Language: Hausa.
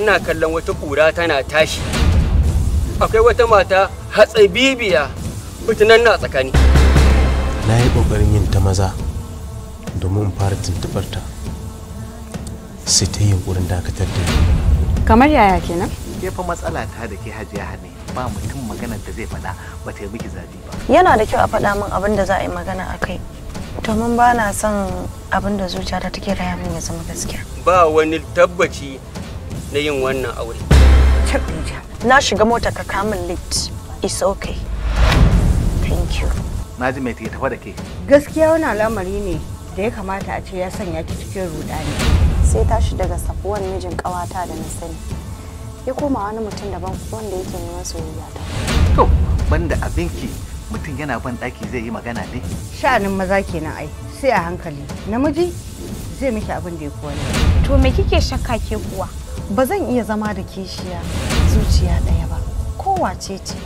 ina kallon wata kura tana tashi akwai wata mata hatsai bibiya fitinan na tsakani na yi ƙoƙarin yin ta maza domin fara tuntubar ta sai ta yi yunƙurin dakatar da kamar yaya kenan ke fa matsala ta da ke hajiya hane ba mutum magana da zai faɗa ba ta yi miki zafi ba yana da kyau a faɗa min abin da za a yi magana a kai domin ba na son abin da zuciyata take raya min ya zama gaskiya ba wani tabbaci na yin wannan aure. Na shiga mota ka kamun late. It's okay. Thank you. Na ji mai tafa da ke. Gaskiya wani al'amari ne da ya kamata a ce ya sanya ki cikin rudani. Sai tashi daga safuwan mijin ƙawata da na sani. Ya koma wani mutum daban wanda yake neman soyayya ta. To, banda abinki mutum yana ban daki zai yi magana ne? Sha'anin maza kenan ai, sai a hankali. Namiji zai miki abin da ya kowa. To me kike shakka ke kuwa? ba zan iya zama da kishiya zuciya ɗaya ba kowace ce